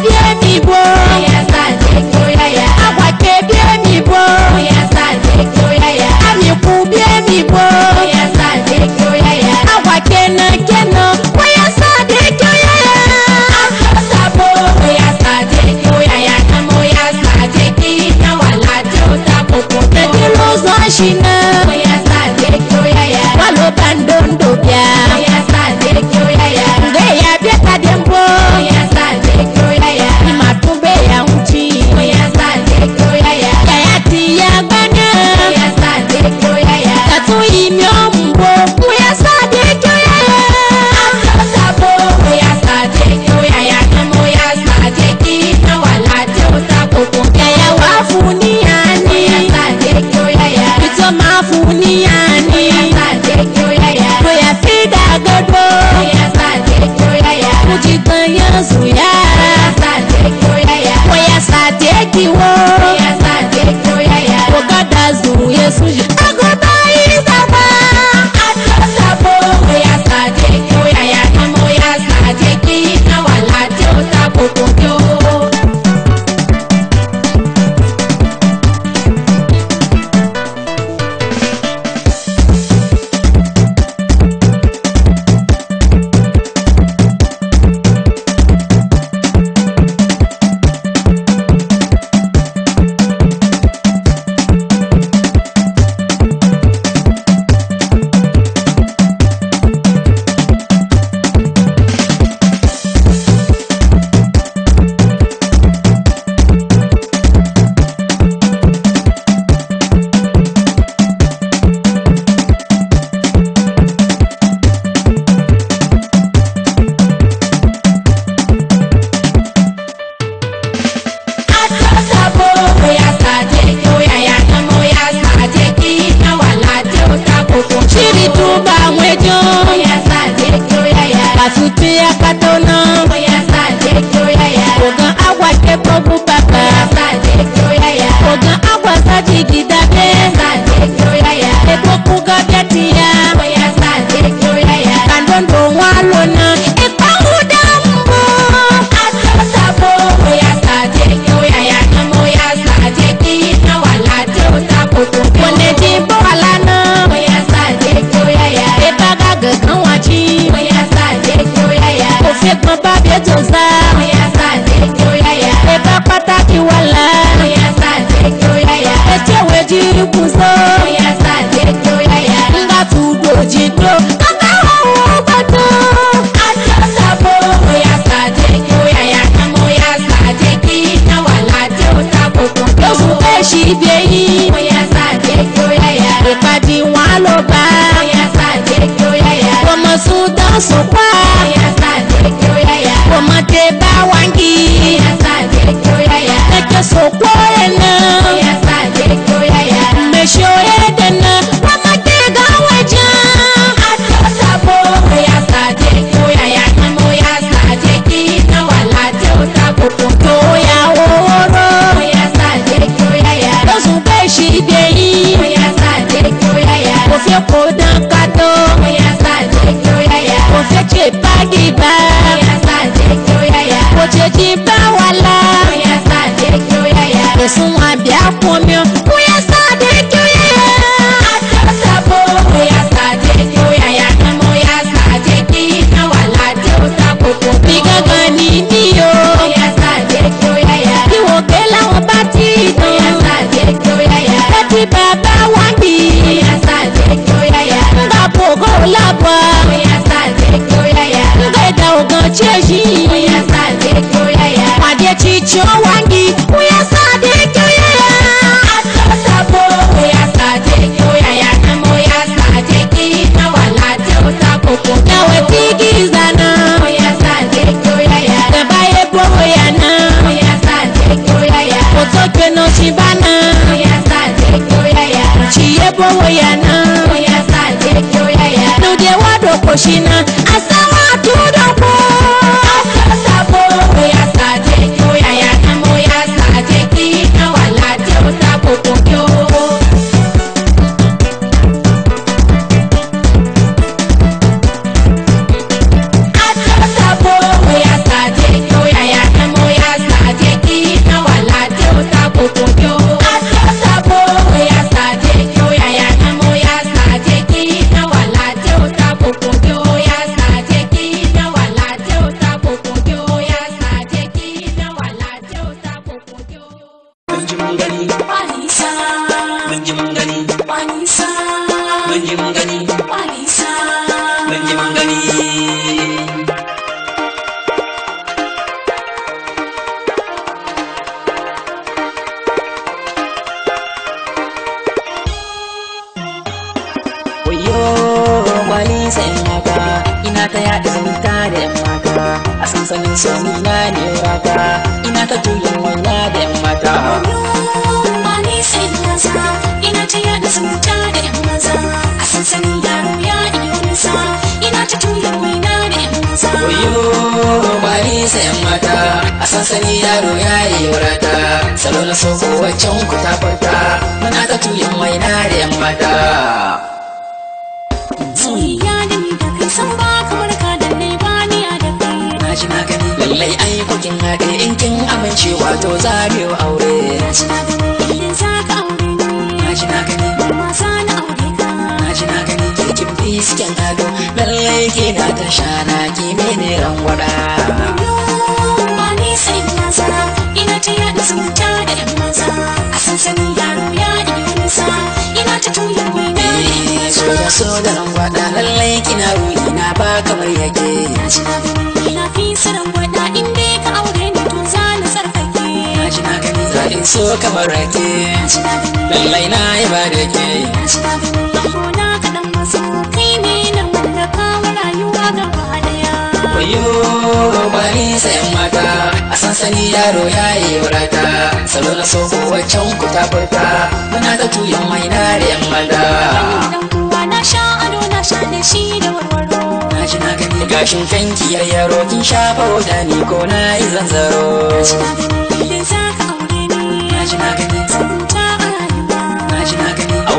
abịa n'igbo zapato no voy a dig it. sani sayan mata a sansani yaro ya yi wurata salo na soko waccan ku ta furta muna ta tuyin na da yan mata soyayya da ni da kai san ba kamar ka da ne da kai na ji na gani lallai ai kokin haɗe in kin amince wato za mu aure na ji na gani idan za ka aure ni na ji na gani ma za na aure na ji na gani kirkin bisken ado kina ta shana ki mene rangwada ba ni sai nasa ina ta yada zumunta da yan maza a sansani yaro ya iya nisa ina ta tuya kwaina eh, so da so da lallai kina ruhi ba kamar yake na ji na ina fi su in dai ka aure ni to za na na ji na gani so kamar rake lallai na yi ba da ke bari sayan mata a sansani yaro ya yi wurata salo na soko waccan ku ta furta muna ta tuyan mai na riyan na sha ado na sha da shi da warwaro na ji na gani gashin fankiyar yaro kin sha faro da ni ko na yi zanzaro na ji na gani idan za ka aure ni na ji na gani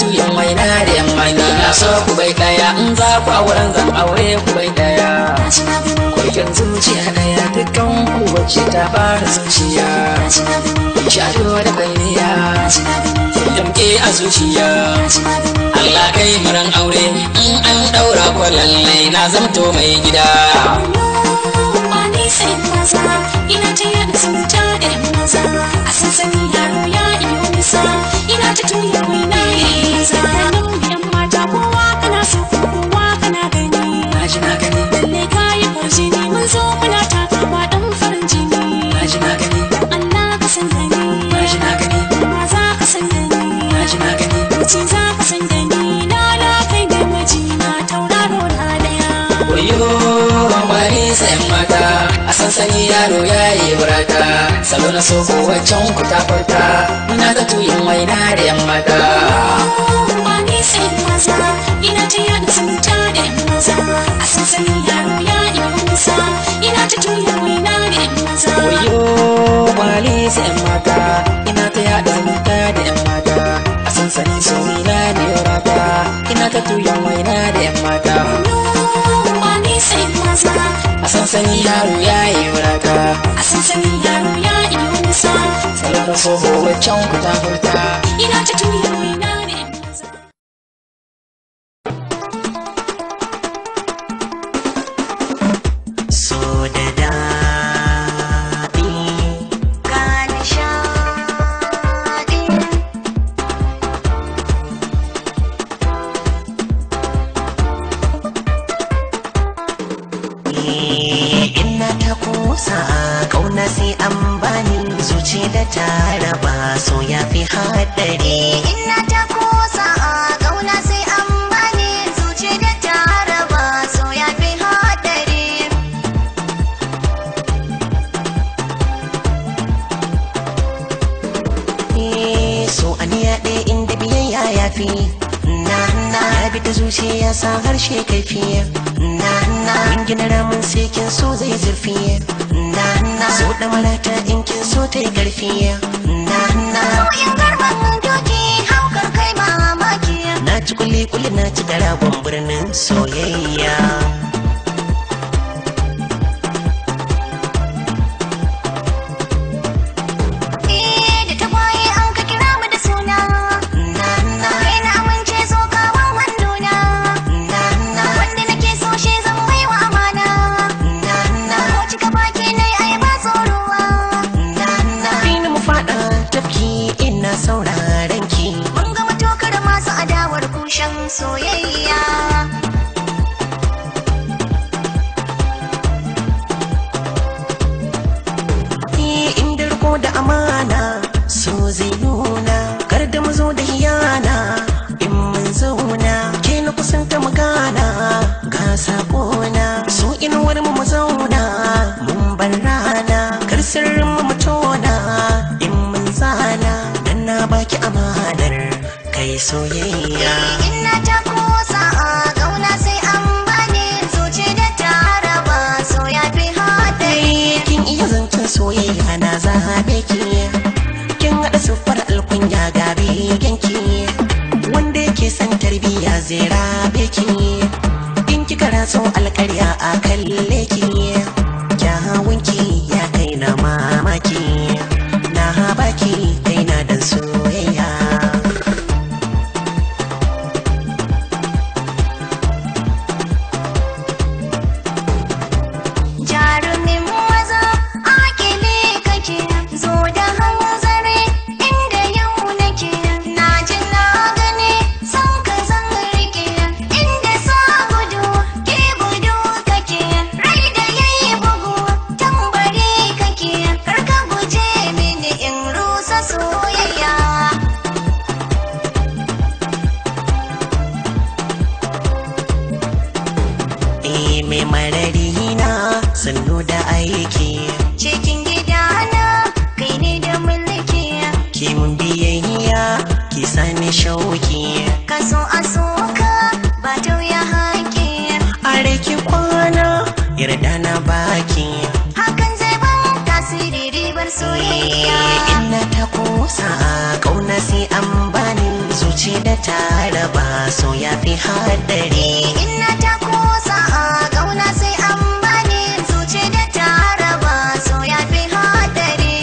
karatu yan na da yan mai na so ku bai daya in za ku auren zan aure ku bai daya kurkin zuciya daya dukkan ku wacce ta fara zuciya shaɗo da kwalliya damke a zuciya Allah kai maran aure in an ɗaura ku lallai na zamto mai gida Sana yaro ya yi burata salo na so kowaccen ku ta furta muna ta tuyin waina da yan mata ina ta yada zumunta da yan maza a sansanin yaro ya yi nisa ina ta tuyin waina da yan maza wayo wale sai yan mata ina ta yada zumunta da yan mata a sansanin soyina da yan mata ina ta tuyin waina da yan mata a sansanin yaro ya yi a sansanin yaro ya yi nisa tsayar so wacan kuta kuta ina ta tuyo ina Yeah. Musa kauna sai an bani zuci da taraba so ya fi haɗari ina ta kusa, kauna sai an bani zuci da taraba so ya fi haɗari eh, so an yaɗe inda biyayya ya fi na na ya bi ta ya sa harshe fi na na mun gina ramin so zai zurfi na so da malata in kin so ta yi karfi na na sauyin karban doki haukar kai mamaki na ci kuli kuli na ci garagon birnin soyayya yeah. yarda na baki hakan zai ba tasiri ribar soyayya inna ta kosa kauna sai an bani zuci da taraba, so ya fi haddare inna ta kosa kauna sai an bani zuci da taraba, so ya fi haddare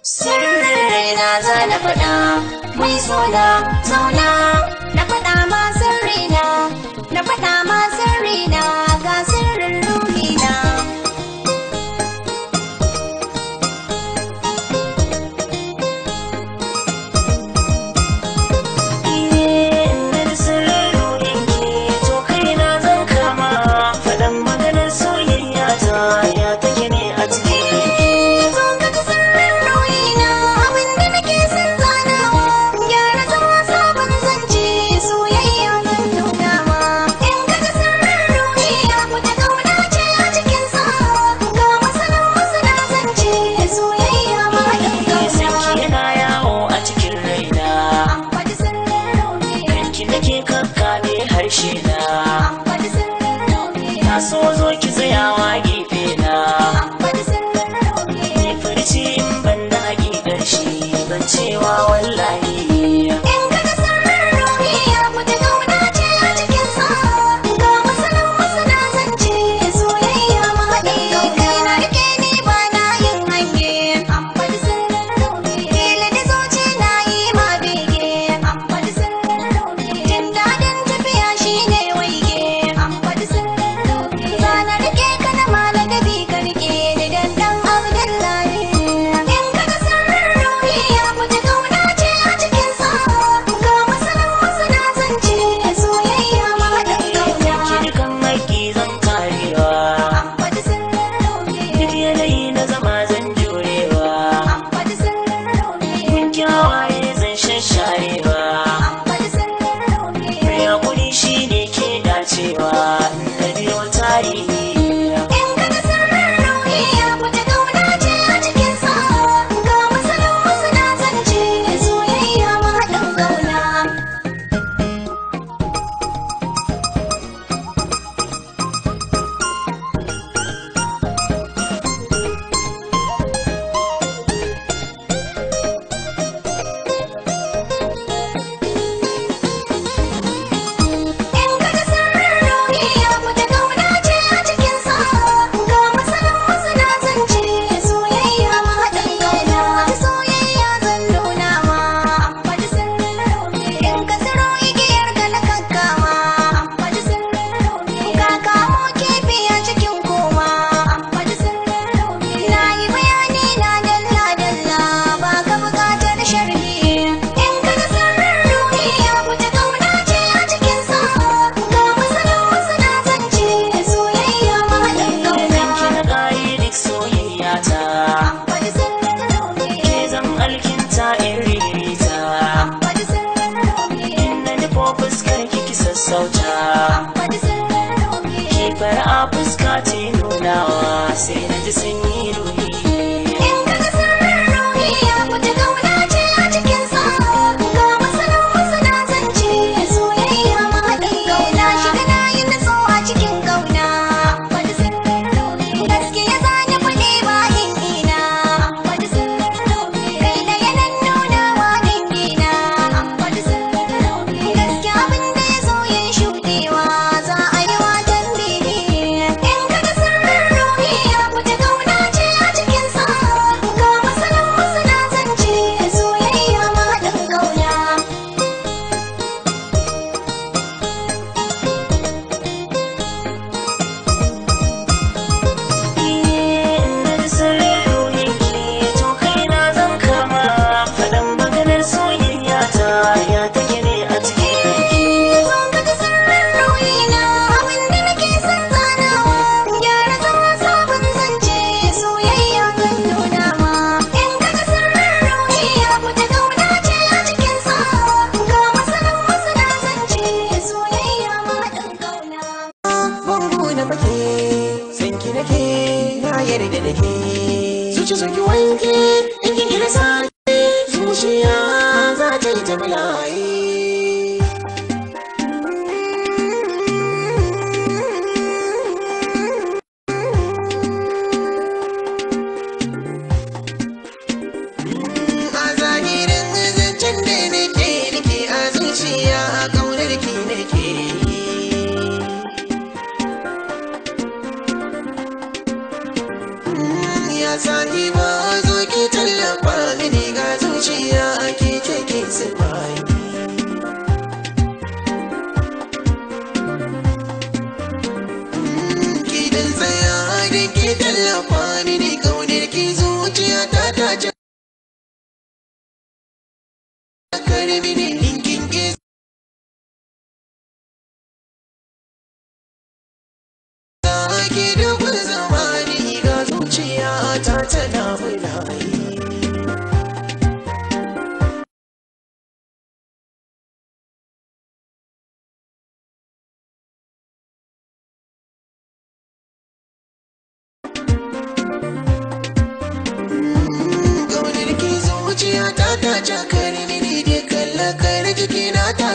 sirri na zana faɗa So rồi so rồi isin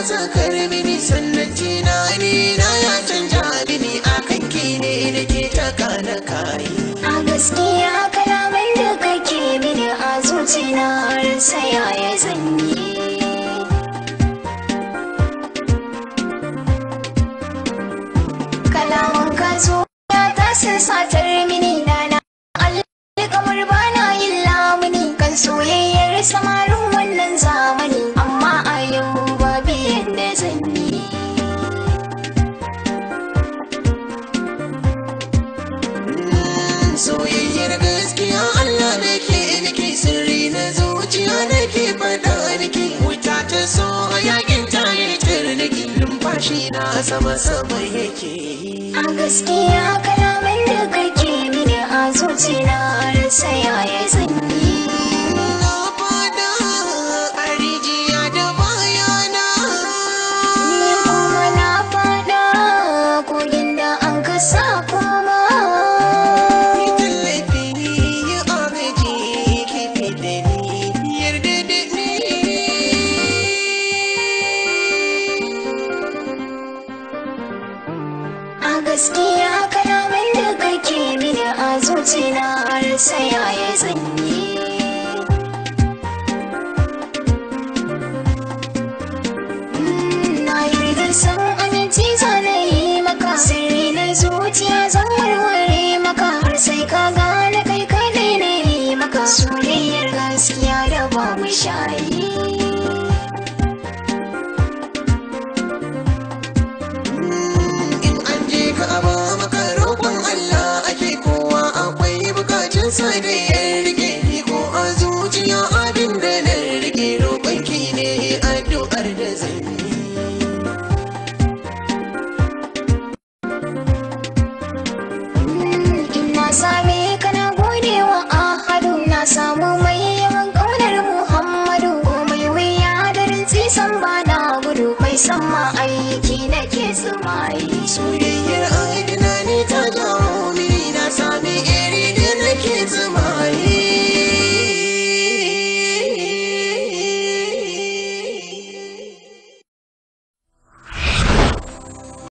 tsakar mini sannan tunani na ya canja mini a kan ki ne da ke taka na kayi a gaskiya kalaman da kake mini a zuciya har sai ya zanyi kalaman ka zo ya tasa satar mini na na Allah kamar bana yin lamuni kan soyayyar samaru numfashi na sama sama yake yi a gaskiya kalamin da kake mini a zuciya rasa yaya zan